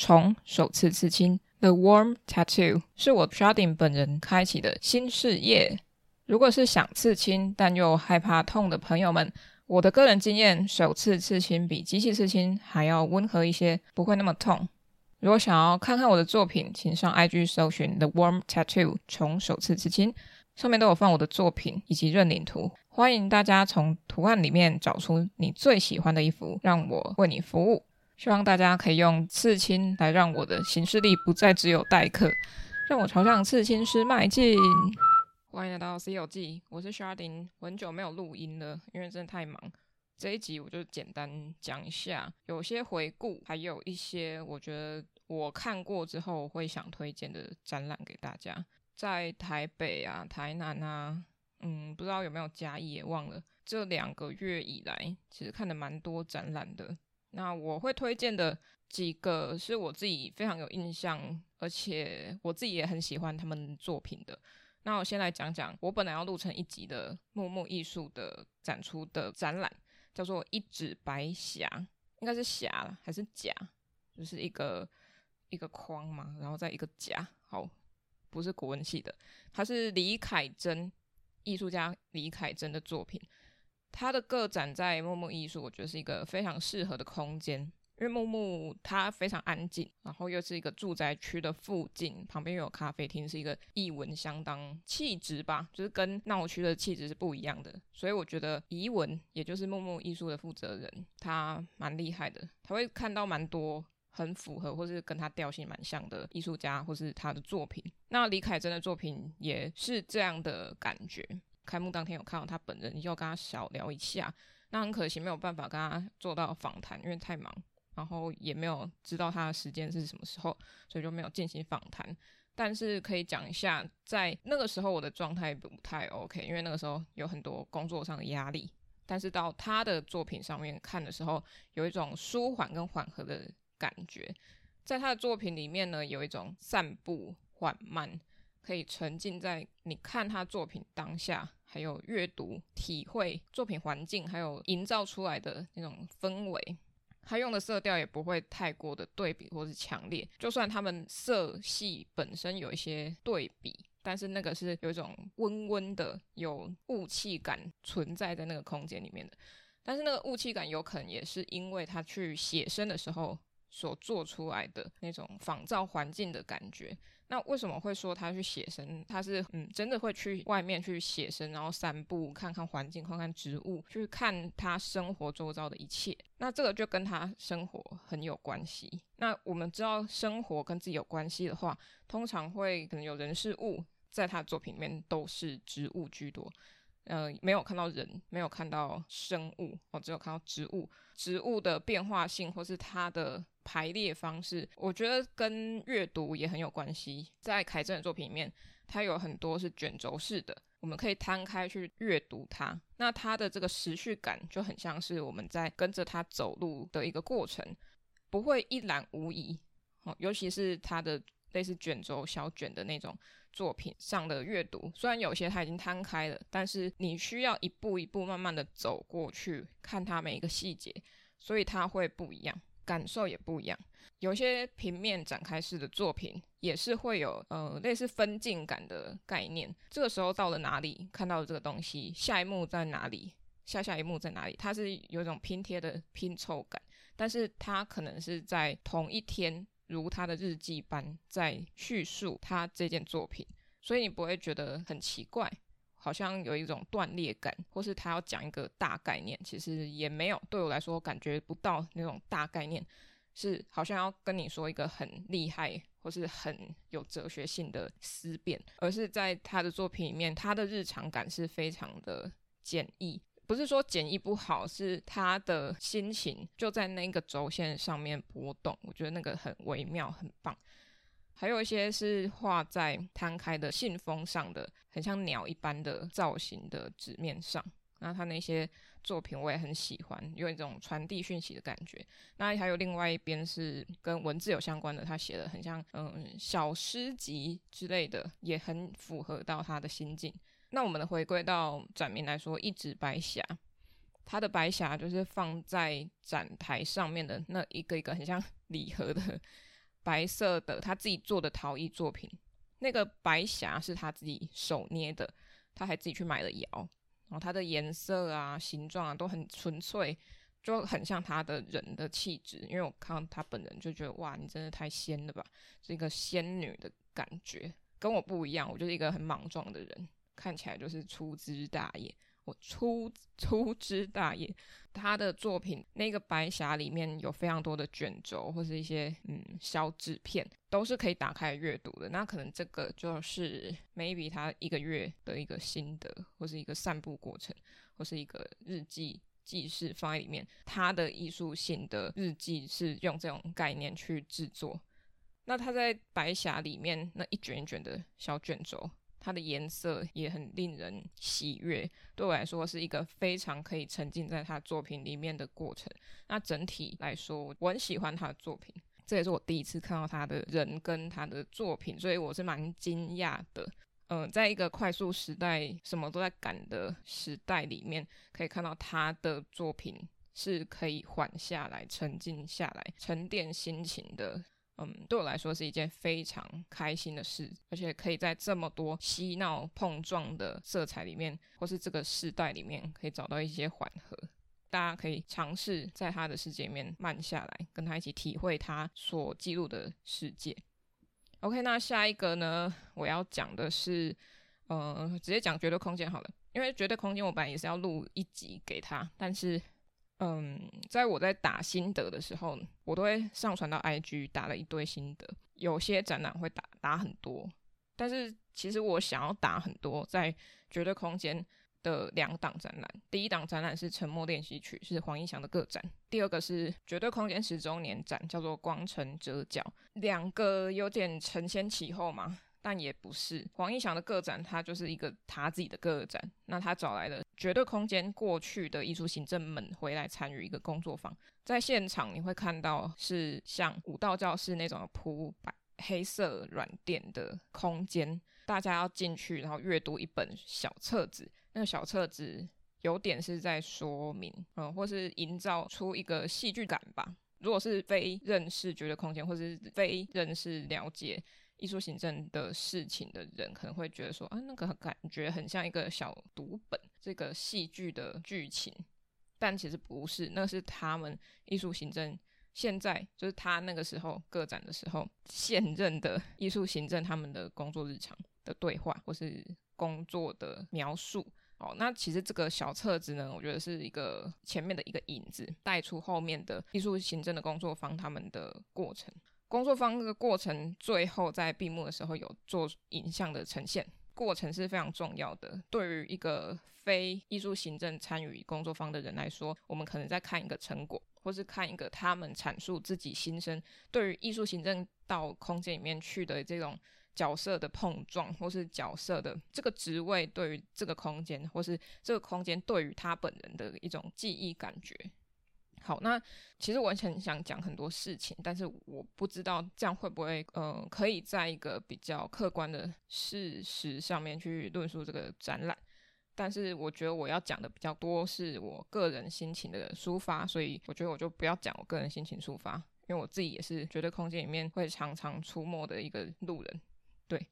從首次刺青，The Warm Tattoo，是我 Chardin 本人開啟的新事業。如果是想刺青但又害怕痛的朋友們，我的個人經驗，首次刺青比機器刺青還要溫和一些，不會那麼痛。如果想要看看我的作品，請上 IG 搜尋 The Warm Tattoo 從首次刺青，上面都有放我的作品以及認領圖。歡迎大家從圖案裡面找出你最喜歡的一幅，讓我為你服務。希望大家可以用刺青來讓我的行事曆不再只有代課，讓我朝向刺青師邁進。歡迎來到 C 遊記，我是 Chardin，很久沒有錄音了，因為真的太忙。這一集我就簡單講一下，有些回顧，還有一些我覺得我看過之後會想推薦的展覽給大家。在台北啊、台南啊，嗯，不知道有沒有嘉義，也忘了。這兩個月以來，其實看了蠻多展覽的。那我會推薦的幾個是我自己非常有印象，而且我自己也很喜歡他們作品的。那我先來講講，我本來要錄成一集的木木藝術的展出的展覽，叫做一只白匣，應該是匣還是甲，就是一個一個框嘛，然後再一個甲，好，不是古文系的，他是李凱真藝術家李凱真的作品。他的個展在木木藝術，我覺得是一個非常適合的空間，因為木木它非常安靜，然後又是一個住宅區的附近，旁邊又有咖啡廳，是一個藝文相當氣質吧，就是跟鬧區的氣質是不一樣的。所以我覺得藝文，也就是木木藝術的負責人，他蠻厲害的，他會看到蠻多很符合或是跟他調性蠻像的藝術家或是他的作品。那李凱真的作品也是這樣的感覺。開幕當天有看到他本人，你就跟他小聊一下。那很可惜，沒有辦法跟他做到訪談，因為太忙，然後也沒有知道他的時間是什麼時候，所以就沒有進行訪談。但是可以講一下，在那個時候我的狀態不太 OK，因為那個時候有很多工作上的壓力。但是到他的作品上面看的時候，有一種舒緩跟緩和的感覺。在他的作品裡面呢，有一種散步緩慢，可以沉浸在你看他的作品當下。還有閱讀體會作品環境，還有營造出來的那種氛圍，他用的色調也不會太過的對比或者強烈。就算他們色系本身有一些對比，但是那個是有一種溫溫的、有霧氣感存在在那個空間裡面的。但是那個霧氣感有可能也是因為他去寫生的時候所做出來的那種仿造環境的感覺。那為什麼會說他去寫生？他是嗯真的會去外面去寫生，然後散步，看看環境，看看植物，去看他生活周遭的一切。那這個就跟他生活很有關係。那我們知道生活跟自己有關係的話，通常會可能有人事物，在他的作品裡面都是植物居多，嗯、呃，沒有看到人，沒有看到生物，哦，只有看到植物。植物的變化性或是它的。排列方式，我覺得跟閱讀也很有關係。在凱真的作品裡面，它有很多是卷軸式的，我們可以攤開去閱讀它。那它的這個時序感就很像是我們在跟着它走路的一個過程，不會一覽無遺。哦，尤其是它的類似卷軸小卷的那種作品上的閱讀，雖然有些它已經攤開了，但是你需要一步一步慢慢的走過去，看它每一個細節，所以它會不一樣。感受也不一樣，有些平面展開式的作品也是會有呃類似分鏡感的概念。這個時候到了哪裡，看到了這個東西，下一幕在哪裡，下下一幕在哪裡，它是有一種拼貼的拼湊感，但是它可能是在同一天，如他的日記般在敘述他這件作品，所以你不會覺得很奇怪。好像有一種斷裂感，或是他要講一個大概念，其實也沒有。對我來說，感覺不到那種大概念是好像要跟你說一個很厲害或是很有哲學性的思辨，而是在他的作品裡面，他的日常感是非常的簡易。不是說簡易不好，是他的心情就在那個軸線上面波動。我覺得那個很微妙，很棒。還有一些是畫在攤開的信封上的，很像鳥一般的造型的紙面上。那他那些作品我也很喜歡，有一種傳遞訊息的感覺。那還有另外一邊是跟文字有相關的，他寫的很像嗯小詩集之類的，也很符合到他的心境。那我們的回歸到展名來說，一只白匣，他的白匣就是放在展台上面的那一個一個很像禮盒的。白色的他自己做的陶藝作品，那個白匣是他自己手捏的，他還自己去買了窯，然後它的顏色啊、形狀啊都很純粹，就很像他的人的氣質。因為我看到他本人就覺得，哇，你真的太仙了吧，這個仙女的感覺跟我不一樣，我就是一個很莽撞的人，看起來就是粗枝大葉。粗粗枝大葉，他的作品那個白匣裡面有非常多的卷軸或是一些嗯小紙片，都是可以打開閱讀的。那可能這個就是 maybe 他一個月的一個心得或是一個散步過程或是一個日記記事，放在裡面。他的藝術性的日記是用這種概念去製作。那他在白匣裡面那一卷一卷的小卷軸。它的顏色也很令人喜悅，對我來說是一個非常可以沉浸在他作品裡面的過程。那整體來說，我很喜歡他的作品，這也是我第一次看到他的人跟他的作品，所以我是蠻驚訝的。嗯、呃，在一個快速時代，什麼都在趕的時代裡面，可以看到他的作品是可以緩下來、沉浸下來、沉澱心情的。嗯，對我來說是一件非常開心的事，而且可以在這麼多嬉鬧碰撞的色彩裡面，或是這個世代裡面，可以找到一些緩和。大家可以嘗試在他的世界裡面慢下來，跟他一起體會他所記錄的世界。OK，那下一個呢？我要講的是，嗯、呃，直接講絕對空間好了，因為絕對空間我本來也是要錄一集給他，但是。嗯，在我在打心得的時候，我都會上傳到 IG，打了一堆心得。有些展覽會打打很多，但是其實我想要打很多，在絕對空間的兩檔展覽。第一檔展覽是《沉默練習曲》，是黃奕翔的個展；第二個是絕對空間十周年展，叫做《光塵摺角》，兩個有點承先啟後嘛。但也不是黃奕翔的個展，它就是一個他自己的個展。那他找來了絕對空間過去的藝術行政們回來參與一個工作坊，在現場你會看到是像武道教室那種鋪白黑色軟墊的空間，大家要進去，然後閱讀一本小冊子。那個小冊子有點是在說明，嗯、呃，或是營造出一個戲劇感吧。如果是非認識絕對空間，或是非認識了解。藝術行政的事情的人可能會覺得說，啊，那個感覺很像一個小讀本，這個戲劇的劇情，但其實不是，那是他們藝術行政現在就是他那個時候個展的時候，現任的藝術行政他們的工作日常的對話或是工作的描述哦，那其實這個小冊子呢，我覺得是一個前面的一個引子，帶出後面的藝術行政的工作方他們的過程。工作方那個過程，最後在閉幕的時候有做影像的呈現，過程是非常重要的。對於一個非藝術行政參與工作方的人來說，我們可能在看一個成果，或是看一個他們闡述自己心聲。對於藝術行政到空間裡面去的這種角色的碰撞，或是角色的這個職位對於這個空間，或是這個空間對於他本人的一種記憶感覺。好，那其實我很想講很多事情，但是我不知道這樣會不會，嗯、呃，可以在一個比較客觀的事實上面去論述這個展覽。但是我覺得我要講的比較多是我個人心情的抒發，所以我覺得我就不要講我個人心情抒發，因為我自己也是絕對空間裡面會常常出沒的一個路人。對，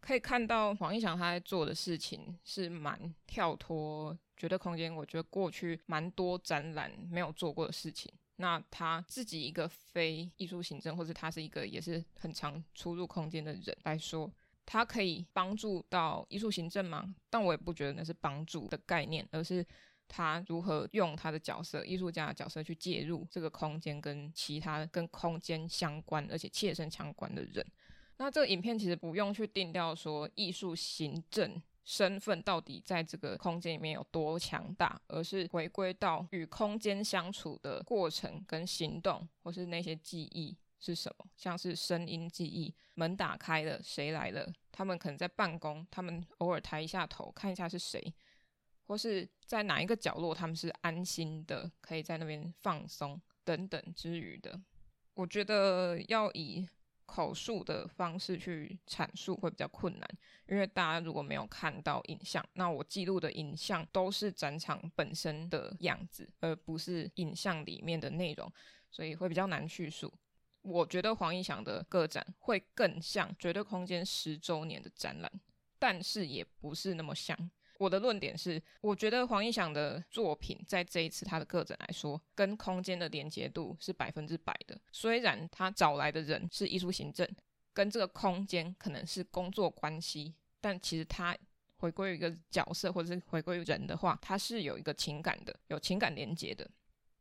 可以看到黃奕翔他在做的事情是蠻跳脫。絕對空間，我覺得過去蠻多展覽沒有做過的事情。那他自己一個非藝術行政，或是他是一個也是很常出入空間的人來說，他可以幫助到藝術行政嗎？但我也不覺得那是幫助的概念，而是他如何用他的角色，藝術家的角色去介入這個空間，跟其他跟空間相關而且切身相關的人。那這個影片其實不用去定調說藝術行政，身份到底在這個空間裡面有多強大，而是回歸到與空間相處的過程跟行動，或是那些記憶是什麼？像是聲音記憶，門打開了，誰來了？他們可能在辦公，他們偶爾抬一下頭，看一下是誰，或是在哪一個角落，他們是安心的，可以在那邊放鬆等等之餘的。我覺得要以口述的方式去闡述會比較困難，因為大家如果沒有看到影像，那我記錄的影像都是展場本身的樣子，而不是影像裡面的內容，所以會比較難敘述。我覺得黃奕翔的個展會更像絕對空間十週年的展覽，但是也不是那麼像。我的論點是，我覺得黃奕翔的作品在這一次他的個展來說，跟空間的連接度是百分之百的。雖然他找來的人是藝術行政，跟這個空間可能是工作關係，但其實他回歸一個角色或者是回歸人的話，他是有一個情感的，有情感連接的。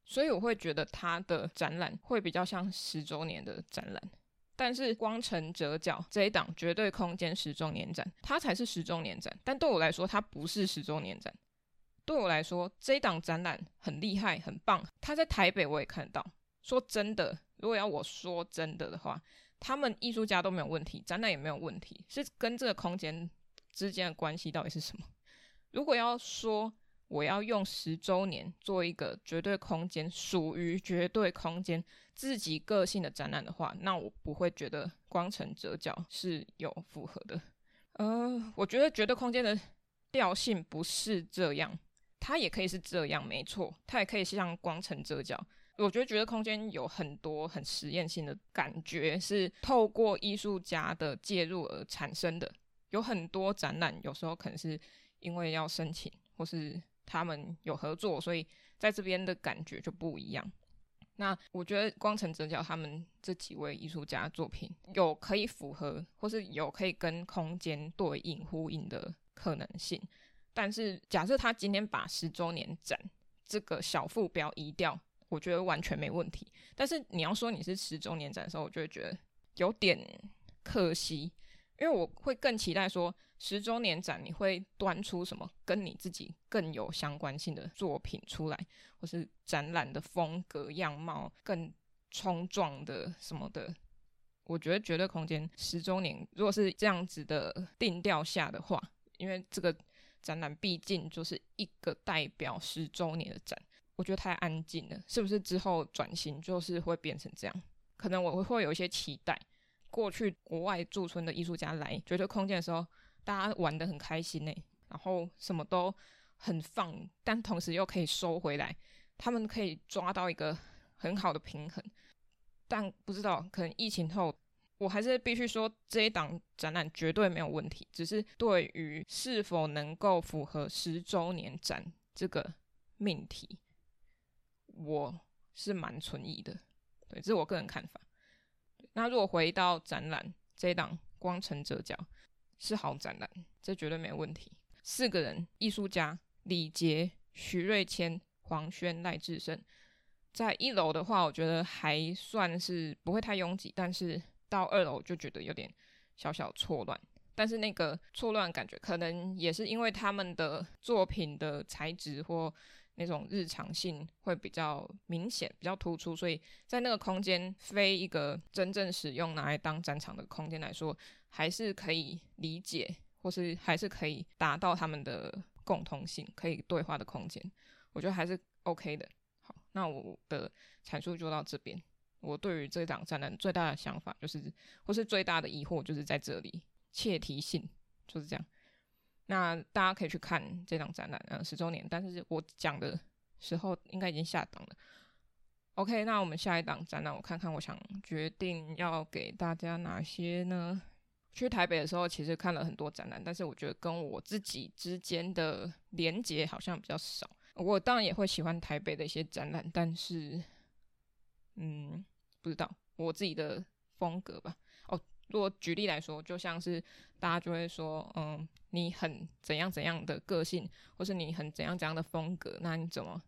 所以我會覺得他的展覽會比較像十周年的展覽。但是光塵摺角這一檔絕對空間十週年展，它才是十週年展。但對我來說，它不是十週年展。對我來說，這一檔展覽很厲害、很棒。它在台北我也看到。說真的，如果要我說真的的話，他們藝術家都沒有問題，展覽也沒有問題，是跟這個空間之間的關係到底是什麼？如果要說，我要用十週年做一個絕對空間，屬於絕對空間自己個性的展覽的話，那我不會覺得光塵摺角是有符合的。呃，我覺得絕對空間的調性不是這樣，它也可以是這樣，沒錯，它也可以像光塵摺角。我覺得覺得空間有很多很實驗性的感覺，是透過藝術家的介入而產生的。有很多展覽有時候可能是因為要申請或是。他們有合作，所以在這邊的感覺就不一樣。那我覺得光塵摺角他們這幾位藝術家作品有可以符合，或是有可以跟空間對應呼應的可能性。但是假設他今天把十周年展這個小副標移掉，我覺得完全沒問題。但是你要說你是十周年展的時候，我就會覺得有點可惜，因為我會更期待說。十週年展，你會端出什麼跟你自己更有相關性的作品出來，或是展覽的風格樣貌更衝撞的什麼的？我覺得絕對空間十週年，如果是這樣子的定調下的話，因為這個展覽畢竟就是一個代表十週年的展，我覺得太安靜了，是不是之後轉型就是會變成這樣？可能我會會有一些期待，過去國外駐村的藝術家來絕對空間的時候。大家玩的很開心呢、欸，然後什麼都很放，但同時又可以收回來，他們可以抓到一個很好的平衡。但不知道，可能疫情後，我還是必須說這一檔展覽絕對沒有問題，只是對於是否能夠符合十周年展這個命題，我是蠻存疑的。對，這是我個人看法。那如果回到展覽這一檔《光塵折角》。是好展覽，這絕對沒問題。四個人，藝術家李杰、徐瑞謙、黃萱、賴志盛，在一樓的話，我覺得還算是不會太擁擠，但是到二樓就覺得有點小小錯亂。但是那個錯亂感覺，可能也是因為他們的作品的材質或那種日常性會比較明顯、比較突出，所以在那個空間非一個真正使用拿來當展場的空間來說。還是可以理解，或是還是可以達到他們的共通性，可以對話的空間，我覺得還是 OK 的。好，那我的闡述就到這邊。我對於這檔展覽最大的想法，就是或是最大的疑惑，就是在這裡，切題性就是這樣。那大家可以去看這檔展覽嗯，呃、十週年。但是我講的時候應該已經下檔了。OK，那我們下一檔展覽，我看看我想決定要給大家哪些呢？去台北的時候，其實看了很多展覽，但是我覺得跟我自己之間的連結好像比較少。我當然也會喜歡台北的一些展覽，但是，嗯，不知道我自己的風格吧。哦，如果舉例來說，就像是大家就會說，嗯，你很怎樣怎樣的個性，或是你很怎樣怎樣的風格，那你怎麼，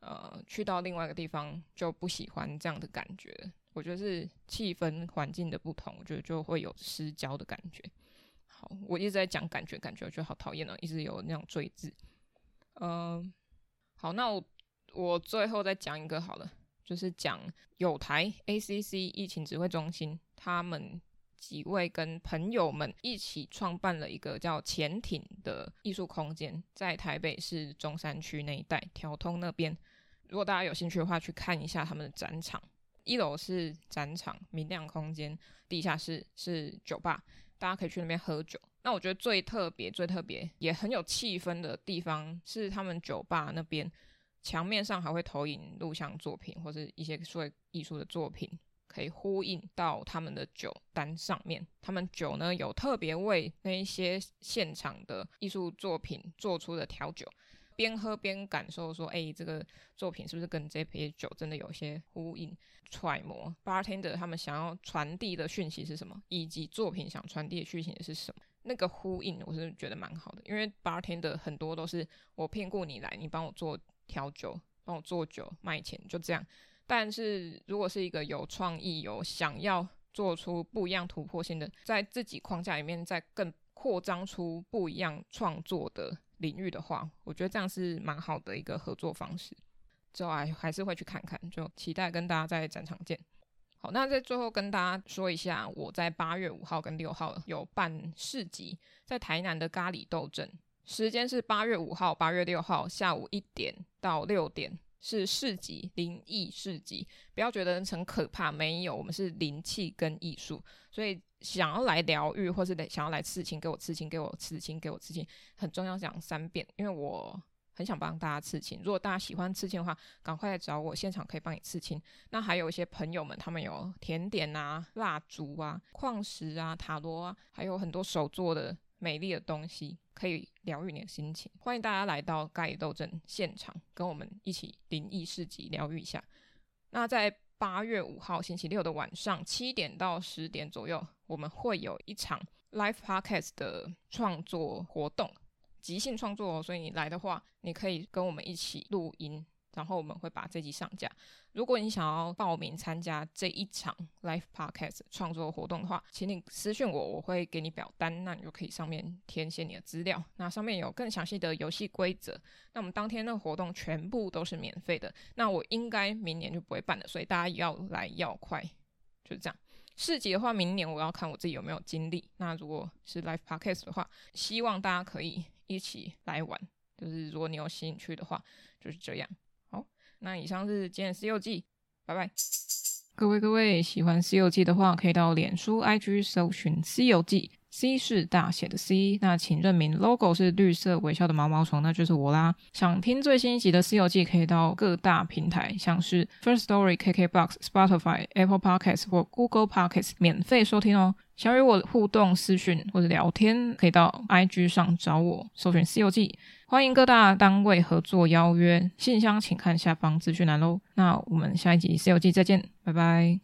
呃，去到另外一個地方就不喜歡這樣的感覺？我覺得是氣氛環境的不同，我覺得就會有失焦的感覺。好，我一直在講感覺，感覺我覺得好討厭哦，一直有那種贅字。嗯、呃，好，那我我最後再講一個好了，就是講有台 ACC 疫情指揮中心，他們幾位跟朋友們一起創辦了一個叫“潛艇”的藝術空間，在台北市中山區那一帶，條通那邊。如果大家有興趣的話，去看一下他們的展場。一樓是展場，明亮空間；地下室是酒吧，大家可以去那邊喝酒。那我覺得最特別、最特別也很有氣氛的地方是他們酒吧那邊，牆面上還會投影錄像作品或是一些所謂藝術的作品，可以呼應到他們的酒單上面。他們酒呢，有特別為那一些現場的藝術作品做出的調酒。邊喝邊感受，說：“哎、欸，這個作品是不是跟這杯酒真的有些呼應？揣摩 bartender 他們想要傳遞的訊息是什麼，以及作品想傳遞的訊息是什麼？那個呼應，我是覺得蠻好的，因為 bartender 很多都是我聘雇你來，你幫我做調酒，幫我做酒賣錢，就這樣。但是如果是一個有創意、有想要做出不一樣、突破性的，在自己框架裡面再更擴張出不一樣創作的。”領域的話，我覺得這樣是蠻好的一個合作方式。之後還是會去看看，就期待跟大家在展場見。好，那在最後跟大家說一下，我在八月五號跟六號有辦市集，在台南的咖喱豆鎮，時間是八月五號、八月六號下午一點到六點。是市集，靈異市集，不要覺得很可怕，沒有，我們是靈氣跟藝術，所以想要來療癒，或是想要來刺青，給我刺青，給我刺青，給我刺青，刺青很重要，講三遍，因為我很想幫大家刺青，如果大家喜歡刺青的話，趕快來找我，現場可以幫你刺青。那還有一些朋友們，他們有甜點啊、蠟燭啊、礦石啊、塔羅啊，還有很多手作的。美麗的東西可以療癒你的心情。歡迎大家來到蓋伊鬥爭現場，跟我們一起靈異市集療癒一下。那在八月五號星期六的晚上七點到十點左右，我們會有一場 live podcast 的創作活動，即興創作哦。所以你來的話，你可以跟我們一起錄音。然後我們會把這集上架。如果你想要報名參加這一場 live podcast 創作活動的話，請你私訊我，我會給你表單，那你就可以上面填寫你的資料。那上面有更詳細的遊戲規則。那我們當天的活動全部都是免費的。那我應該明年就不會辦了，所以大家要來要快，就是這樣。市集的話，明年我要看我自己有沒有精力。那如果是 live podcast 的話，希望大家可以一起來玩。就是如果你有興趣的話，就是這樣。那以上是見《C 遊記》，拜拜！各位各位，喜歡《C 遊記》的話，可以到臉書、IG 搜尋《C 遊記》，C 是大寫的 C。那請認明，Logo 是綠色微笑的毛毛蟲，那就是我啦。想聽最新一集的《C 遊記》，可以到各大平台，像是 First Story、KKBox、Spotify、Apple Podcasts 或 Google Podcasts 免費收聽哦。想與我互動、私訊或者聊天，可以到 IG 上找我，搜尋 C 遊記。歡迎各大單位合作邀約，信箱請看下方資訊欄嘍。那我們下一集 C 遊記再見，拜拜。